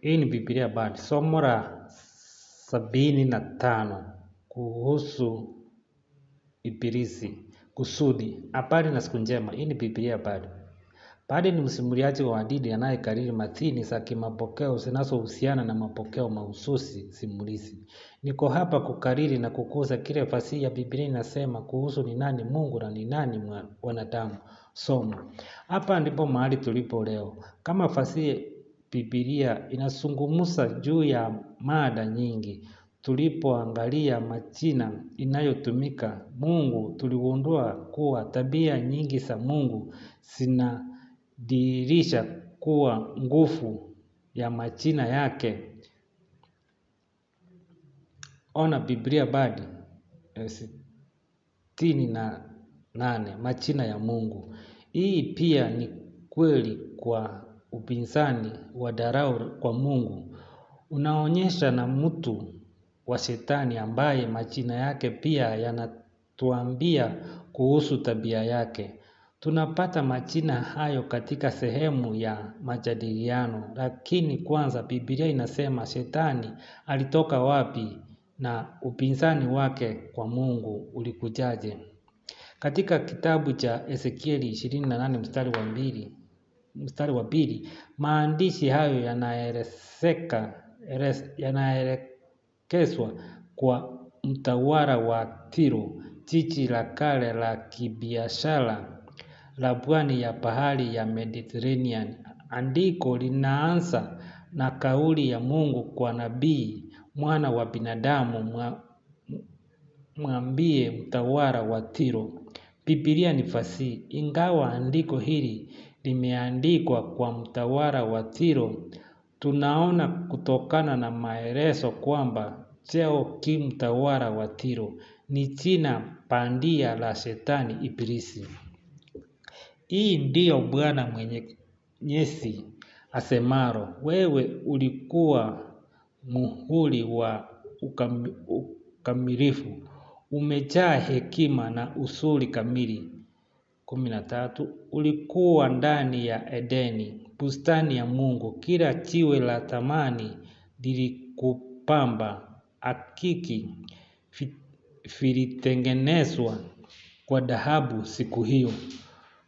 Hii ni Biblia Bard, somo la sabini na tano kuhusu Ibilisi, kusudi, habari na siku njema. Hii ni Biblia Bard. Bard ni msimuliaji wa hadithi anayekariri matini za kimapokeo zinazohusiana na mapokeo mahususi simulizi. Niko hapa kukariri na kukuza kile fasihi ya Biblia inasema kuhusu ni nani Mungu na ni nani wanadamu. Somo. Hapa ndipo mahali tulipo leo. Kama fasihi Biblia inazungumza juu ya mada nyingi. Tulipoangalia majina inayotumika Mungu tuligundua kuwa tabia nyingi za Mungu zinadhihirisha kuwa nguvu ya majina yake. Ona Biblia badi eh, sitini na nane majina ya Mungu. Hii pia ni kweli kwa upinzani wa dharau kwa Mungu unaonyesha na mtu wa shetani ambaye majina yake pia yanatuambia kuhusu tabia yake. Tunapata majina hayo katika sehemu ya majadiliano, lakini kwanza Biblia inasema shetani alitoka wapi na upinzani wake kwa Mungu ulikujaje. Katika kitabu cha Ezekieli 28 mstari wa mbili mstari wa pili, maandishi hayo yanaelekezwa kwa mtawala wa Tiro, jiji la kale la kibiashara la pwani ya bahari ya Mediterranean. Andiko linaanza na kauli ya Mungu kwa nabii, mwana wa binadamu, mwambie mtawala wa Tiro. Biblia ni fasihi, ingawa andiko hili limeandikwa kwa mtawala wa tiro tunaona kutokana na maelezo kwamba cheo ki mtawala wa tiro ni jina bandia la shetani Ibilisi. Hii ndiyo Bwana Mwenyezi asemaro wewe ulikuwa muhuri wa ukamilifu, umejaa hekima na uzuri kamili, kumi na tatu ulikuwa ndani ya Edeni, bustani ya Mungu. Kila jiwe la thamani lilikupamba. Akiki vilitengenezwa kwa dhahabu siku hiyo.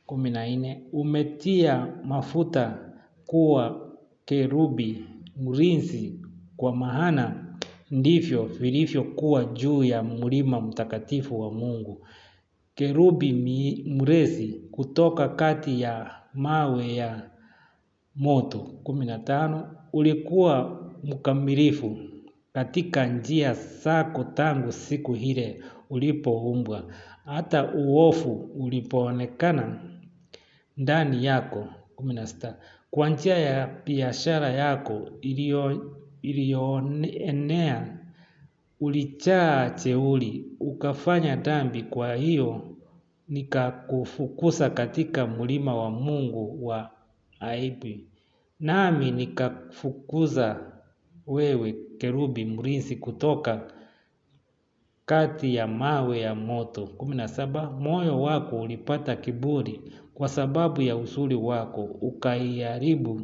kumi na nne umetia mafuta kuwa kerubi mlinzi, kwa maana ndivyo vilivyokuwa juu ya mlima mtakatifu wa Mungu. Kerubi mrefu kutoka kati ya mawe ya moto 15 ulikuwa mkamilifu katika njia zako tangu siku hile ulipoumbwa. Hata uofu ulipoonekana ndani yako 16 Kwa njia ya biashara yako iliyoenea Ulichaa cheuli ukafanya dhambi kwa hiyo nikakufukuza katika mlima wa Mungu wa aibu. Nami nikafukuza wewe kerubi mlinzi kutoka kati ya mawe ya moto. kumi na saba, moyo wako ulipata kiburi kwa sababu ya uzuri wako, ukaiharibu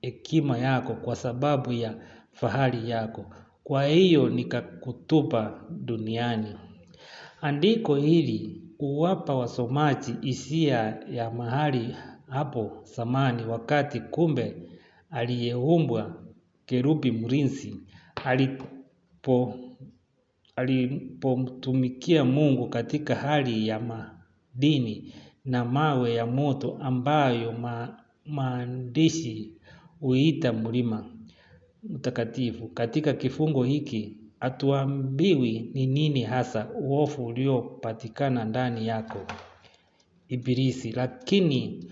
hekima yako kwa sababu ya fahari yako. Kwa hiyo nikakutupa duniani. Andiko hili huwapa wasomaji hisia ya mahali hapo zamani wakati kumbe aliyeumbwa kerubi mlinzi alipomtumikia Mungu katika hali ya madini na mawe ya moto ambayo maandishi huita mlima mtakatifu katika kifungo hiki hatuambiwi ni nini hasa uovu uliopatikana ndani yako Ibilisi, lakini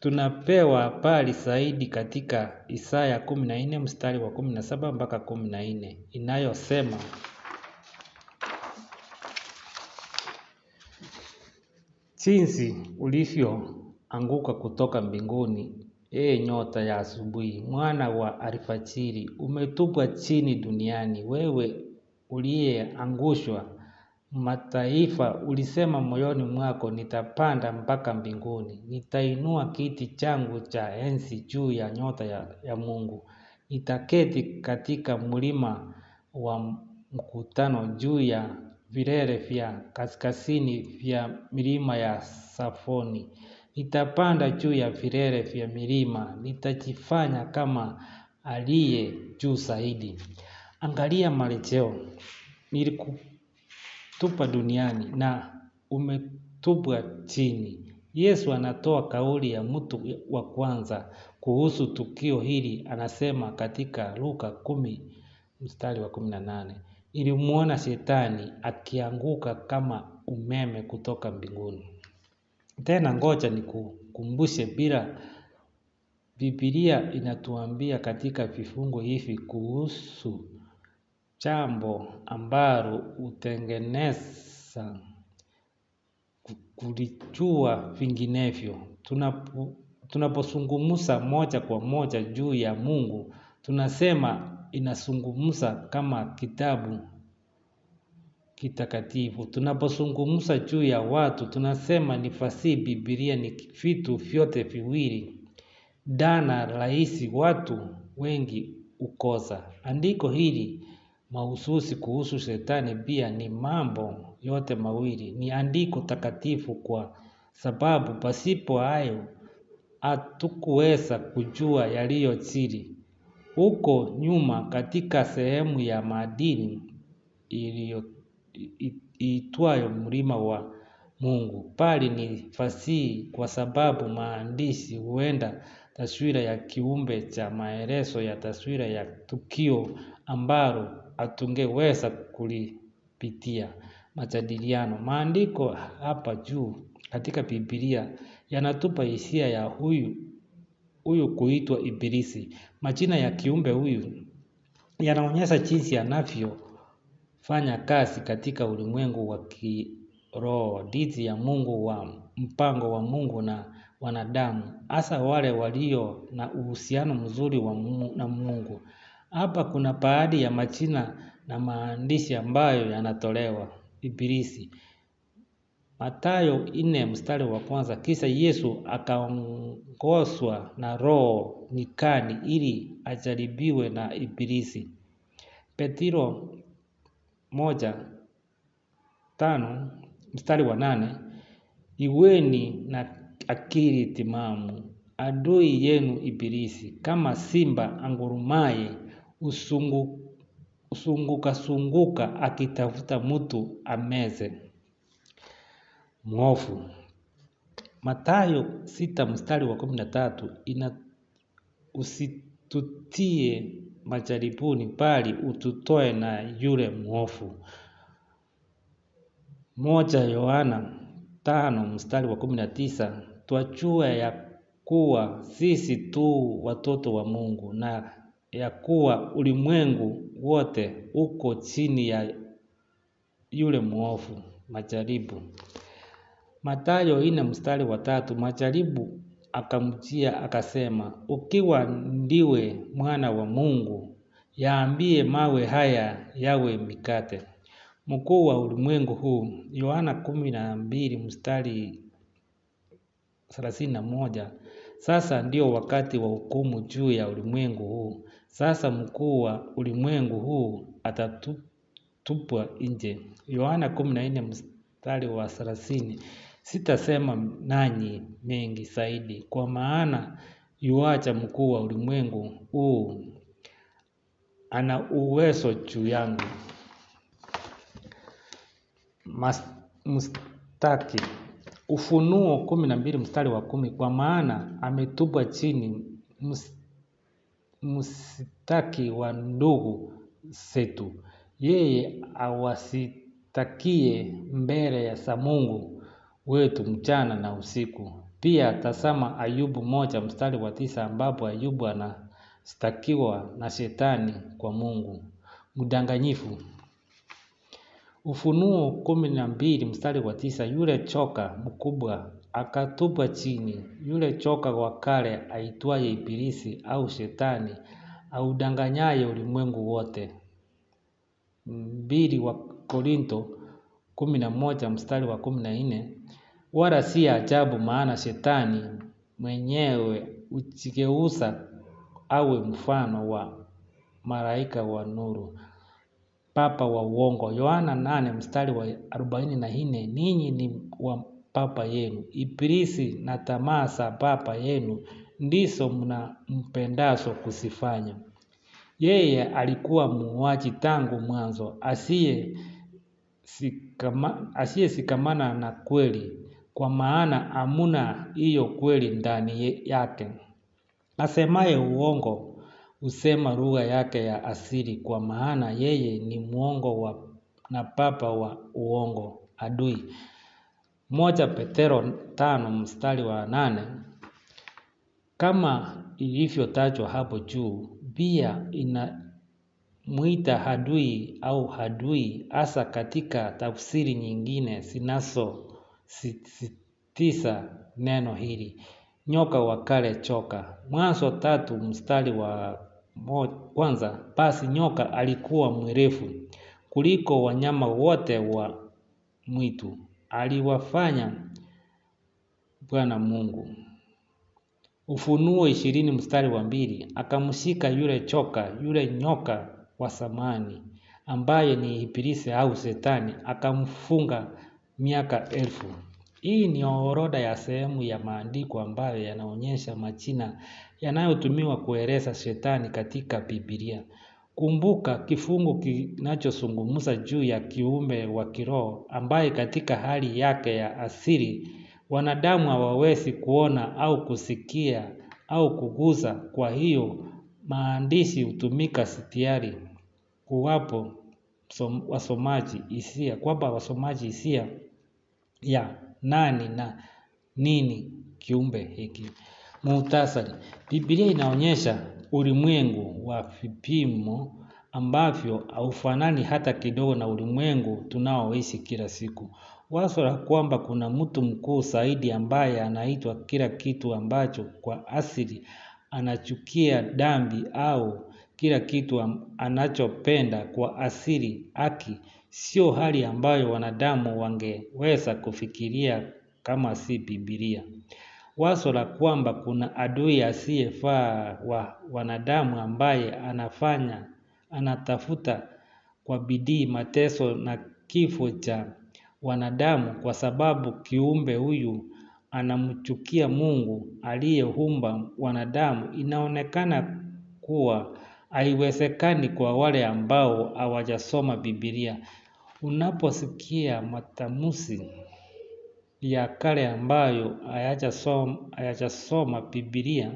tunapewa pali zaidi katika Isaya 14 mstari wa 17 mpaka 14 inayosema jinsi ulivyoanguka kutoka mbinguni Ee nyota ya asubuhi, mwana wa alfajiri, umetupwa chini duniani. Wewe uliyeangushwa mataifa, ulisema moyoni mwako, nitapanda mpaka mbinguni, nitainua kiti changu cha enzi juu ya nyota ya, ya Mungu, nitaketi katika mlima wa mkutano, juu ya vilele vya kaskazini vya milima ya Safoni. Nitapanda juu ya vilele vya milima, nitajifanya kama aliye juu zaidi. Angalia marejeo, nilikutupa duniani na umetupwa chini. Yesu anatoa kauli ya mtu wa kwanza kuhusu tukio hili anasema katika Luka kumi mstari wa kumi na nane. ilimwona shetani akianguka kama umeme kutoka mbinguni. Tena ngoja nikukumbushe bila Biblia inatuambia katika vifungo hivi kuhusu jambo ambalo hutengeneza kulijua vinginevyo. Tunapozungumza moja kwa moja juu ya Mungu, tunasema inazungumza kama kitabu kitakatifu. Tunapozungumza juu ya watu, tunasema ni fasihi. Biblia ni vitu vyote viwili, dana rahisi watu wengi ukosa. Andiko hili mahususi kuhusu shetani pia ni mambo yote mawili, ni andiko takatifu, kwa sababu pasipo hayo hatukuweza kujua yaliyojiri huko nyuma katika sehemu ya madini iliyo iitwayo Mlima wa Mungu. Bali ni fasihi kwa sababu maandishi huenda taswira ya kiumbe cha maelezo ya taswira ya tukio ambalo hatungeweza kulipitia. Majadiliano. Maandiko hapa juu katika Biblia yanatupa hisia ya huyu huyu kuitwa Ibilisi. Majina ya kiumbe huyu yanaonyesha jinsi anavyo fanya kazi katika ulimwengu wa kiroho dhidi ya Mungu wa mpango wa Mungu na wanadamu, hasa wale walio na uhusiano mzuri wa Mungu, na Mungu. Hapa kuna baadhi ya majina na maandishi ambayo yanatolewa. Ibilisi, Mathayo nne mstari wa kwanza. Kisha Yesu akaongozwa na Roho nyikani ili ajaribiwe na Ibilisi. Petiro moja tano mstari wa nane iweni na akili timamu adui yenu ibilisi kama simba angurumaye usungu, usunguka sunguka akitafuta mtu ameze mwofu matayo sita mstari wa kumi na tatu ina usitutie majaribuni bali ututoe na yule mwovu. Moja Yohana tano mstari wa kumi na tisa twajua ya kuwa sisi tu watoto wa Mungu na ya kuwa ulimwengu wote uko chini ya yule mwovu majaribu. Mathayo nne mstari wa tatu majaribu akamjia akasema, ukiwa ndiwe mwana wa Mungu, yaambie mawe haya yawe mikate. Mkuu wa ulimwengu huu, Yohana kumi na mbili mstari thelathini na moja. Sasa ndio wakati wa hukumu juu ya ulimwengu huu. Sasa mkuu wa ulimwengu huu atatupwa nje. Yohana kumi na nne mstari wa thelathini. Sitasema nanyi mengi zaidi kwa maana yuacha mkuu wa ulimwengu huu ana uwezo juu yangu. Mstaki Ufunuo kumi na mbili mstari wa kumi kwa maana ametupwa chini mstaki wa ndugu zetu. Yeye awasitakie mbele za Mungu wetu mchana na usiku. Pia tazama Ayubu moja mstari wa tisa ambapo Ayubu anastakiwa na shetani kwa Mungu. Mdanganyifu. Ufunuo kumi na mbili mstari wa tisa yule choka mkubwa akatupwa chini, yule choka wa kale aitwaye Ibilisi au Shetani audanganyaye ulimwengu wote. Mbili wa Korinto kumi na moja mstari wa kumi na nne wala si ajabu maana shetani mwenyewe ujigeuza awe mfano wa malaika wa nuru papa wa uongo. Yohana nane mstari wa arobaini na nne ninyi ni wa papa yenu Ibilisi na tamaa za papa yenu ndizo mpendazo kuzifanya. Yeye alikuwa muuaji tangu mwanzo asiye asiyeshikamana na kweli, kwa maana hamuna hiyo kweli ndani yake. Asemaye uongo husema lugha yake ya asili, kwa maana yeye ni mwongo wa, na papa wa uongo adui. Moja Petero tano mstari wa nane. Kama ilivyotajwa hapo juu, pia ina mwita hadui au hadui hasa katika tafsiri nyingine zinazosisitiza neno hili. Nyoka wa kale choka. Mwanzo tatu mstari wa kwanza, basi nyoka alikuwa mwerevu kuliko wanyama wote wa mwitu aliwafanya Bwana Mungu. Ufunuo ishirini mstari wa mbili, akamshika yule choka, yule nyoka wa samani ambaye ni Ibilisi au Shetani akamfunga miaka elfu. Hii ni orodha ya sehemu ya maandiko ambayo yanaonyesha majina yanayotumiwa kueleza Shetani katika Biblia. Kumbuka kifungu kinachozungumza juu ya kiumbe wa kiroho ambaye katika hali yake ya asili wanadamu hawawezi kuona au kusikia au kugusa. Kwa hiyo Maandishi hutumika sitiari kuwapo wasomaji hisia kwamba wasomaji hisia ya nani na nini kiumbe hiki. Muhtasari, Biblia inaonyesha ulimwengu wa vipimo ambavyo haufanani hata kidogo na ulimwengu tunaoishi kila siku. Wazo la kwamba kuna mtu mkuu zaidi ambaye anaitwa kila kitu ambacho kwa asili anachukia dhambi au kila kitu anachopenda kwa asili haki sio hali ambayo wanadamu wangeweza kufikiria kama si Biblia. Wazo la kwamba kuna adui asiyefaa wa wanadamu ambaye anafanya anatafuta kwa bidii mateso na kifo cha wanadamu kwa sababu kiumbe huyu anamchukia Mungu aliyeumba wanadamu inaonekana kuwa haiwezekani kwa wale ambao hawajasoma Biblia. Unaposikia matamusi ya kale ambayo hayajasoma, hayajasoma Biblia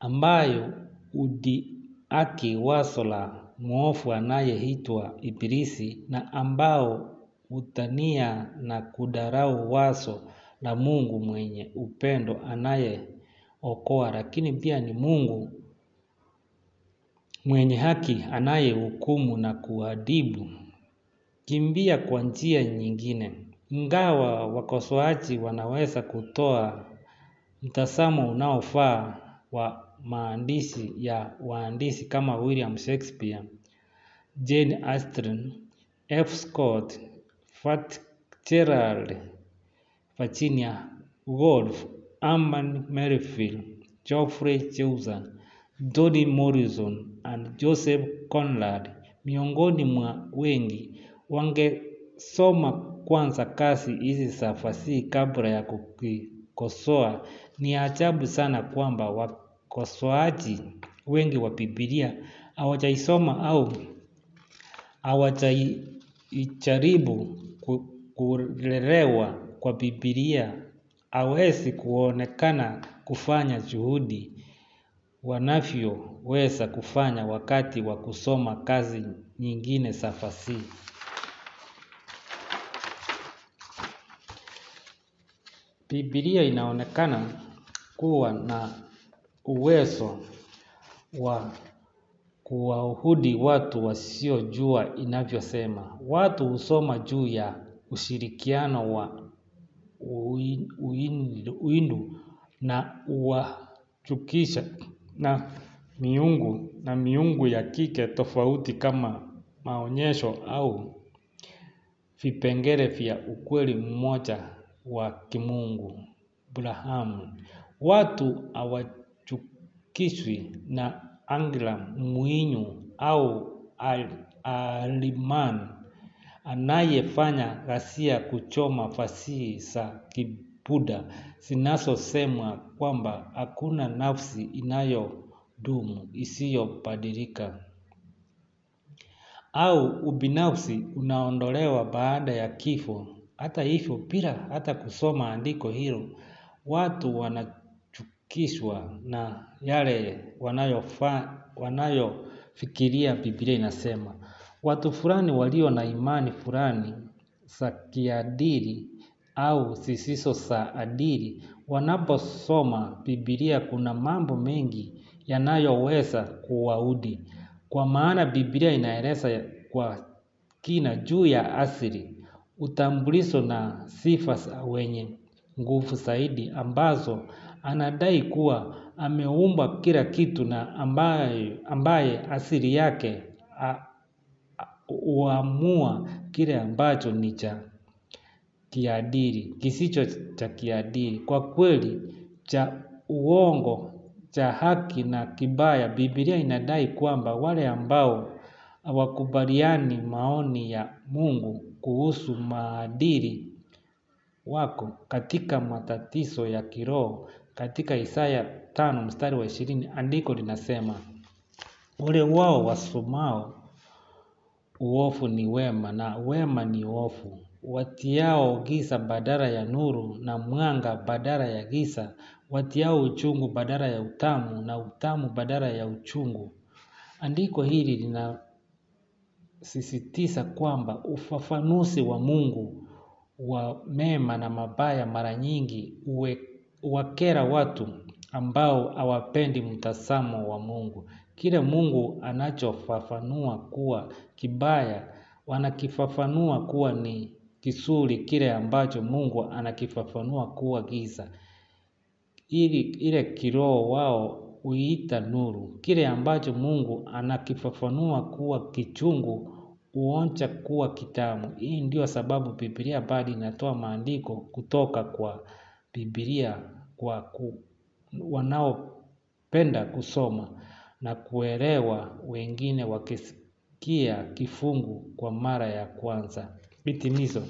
ambayo hudiaki waso la mwovu anayeitwa Ibilisi na ambao hutania na kudharau wazo la Mungu mwenye upendo anayeokoa lakini pia ni Mungu mwenye haki anayehukumu na kuadibu Kimbia kwa njia nyingine. Ingawa wakosoaji wanaweza kutoa mtazamo unaofaa wa maandishi ya waandishi kama William Shakespeare, Jane Austen, F. Scott Fitzgerald, Virginia Woolf, Herman Melville, Geoffrey Chaucer, Toni Morrison and Joseph Conrad miongoni mwa wengi wangesoma kwanza kazi hizi za fasihi kabla ya kukikosoa. Ni ajabu sana kwamba wakosoaji wengi wa Biblia hawajaisoma au hawajaijaribu kulelewa kwa Biblia hawezi kuonekana kufanya juhudi wanavyoweza kufanya wakati wa kusoma kazi nyingine za fasihi. Biblia inaonekana kuwa na uwezo wa huwaudhi watu wasiojua inavyosema. Watu husoma juu ya ushirikiano wa uindu na uwachukisha na miungu na miungu ya kike tofauti kama maonyesho au vipengele vya ukweli mmoja wa kimungu brahamu Watu hawachukishwi na Angela Mwinyu au Aliman anayefanya ghasia kuchoma fasihi za kibuda zinazosemwa kwamba hakuna nafsi inayodumu isiyobadilika au ubinafsi unaondolewa baada ya kifo. Hata hivyo, bila hata kusoma andiko hilo, watu wana kiswa na yale wanayofikiria Biblia inasema. Watu fulani walio na imani fulani za kiadili au zisizo za adili, wanaposoma Biblia kuna mambo mengi yanayoweza kuwaudi, kwa maana Biblia inaeleza kwa kina juu ya asili, utambulisho na sifa za wenye nguvu zaidi ambazo anadai kuwa ameumba kila kitu na ambaye, ambaye asili yake huamua kile ambacho ni cha kiadili, kisicho cha kiadili. Kwa kweli cha uongo, cha haki na kibaya, Biblia inadai kwamba wale ambao hawakubaliani maoni ya Mungu kuhusu maadili wako katika matatizo ya kiroho katika Isaya tano mstari wa ishirini andiko linasema, ule wao wasomao uofu ni wema na wema ni uofu, watiao giza badala ya nuru na mwanga badala ya giza, watiao uchungu badala ya utamu na utamu badala ya uchungu. Andiko hili linasisitiza kwamba ufafanuzi wa Mungu wa mema na mabaya mara nyingi uwe wakera watu ambao hawapendi mtazamo wa Mungu. Kile Mungu anachofafanua kuwa kibaya, wanakifafanua kuwa ni kizuri, kile ambacho Mungu anakifafanua kuwa giza. Ili ile kiroho wao huita nuru. Kile ambacho Mungu anakifafanua kuwa kichungu huonja kuwa kitamu. Hii ndio sababu Biblia bado inatoa maandiko kutoka kwa bibilia kwa wanaopenda kusoma na kuelewa wengine wakisikia kifungu kwa mara ya kwanza. itimizo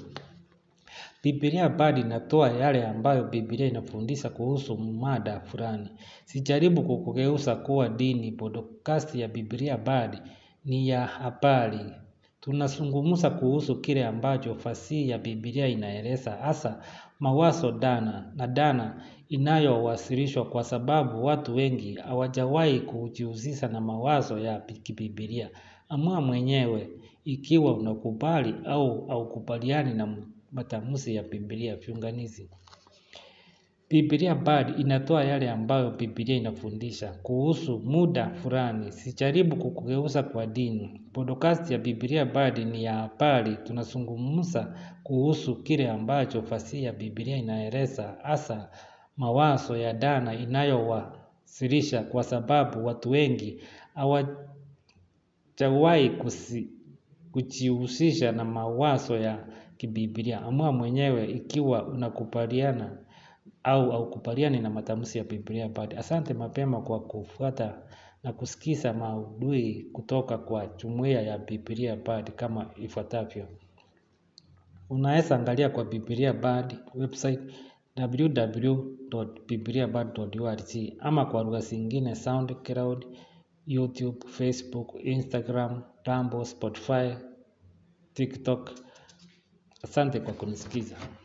Biblia bado inatoa yale ambayo Biblia inafundisha kuhusu mada fulani. Sijaribu kukugeuza kuwa dini, podcast ya Biblia bali ni ya habari tunazungumza kuhusu kile ambacho fasihi ya Biblia inaeleza hasa mawazo dana na dana inayowasilishwa kwa sababu watu wengi hawajawahi kujihusisha na mawazo ya kibiblia. Amua mwenyewe ikiwa unakubali au haukubaliani na matamuzi ya Biblia viunganizi Biblia bali inatoa yale ambayo Biblia inafundisha kuhusu muda fulani. Sijaribu kukugeuza kwa dini. Podcast ya Biblia bali ni ya habari. Tunazungumza kuhusu kile ambacho fasihi ya Biblia inaeleza hasa mawazo ya dana inayowasilisha kwa sababu watu wengi hawajawahi kujihusisha na mawazo ya kibiblia. Amua mwenyewe ikiwa unakubaliana au aukupaliani na matamshi ya Biblia Bard. Asante mapema kwa kufuata na kusikiza maudhui kutoka kwa jumuiya ya Biblia Bard kama ifuatavyo. Unaweza angalia kwa Biblia Bard website www.bibliabard.org ama kwa lugha zingine SoundCloud, YouTube, Facebook, Instagram, Tumblr, Spotify, TikTok. Asante kwa kunisikiza.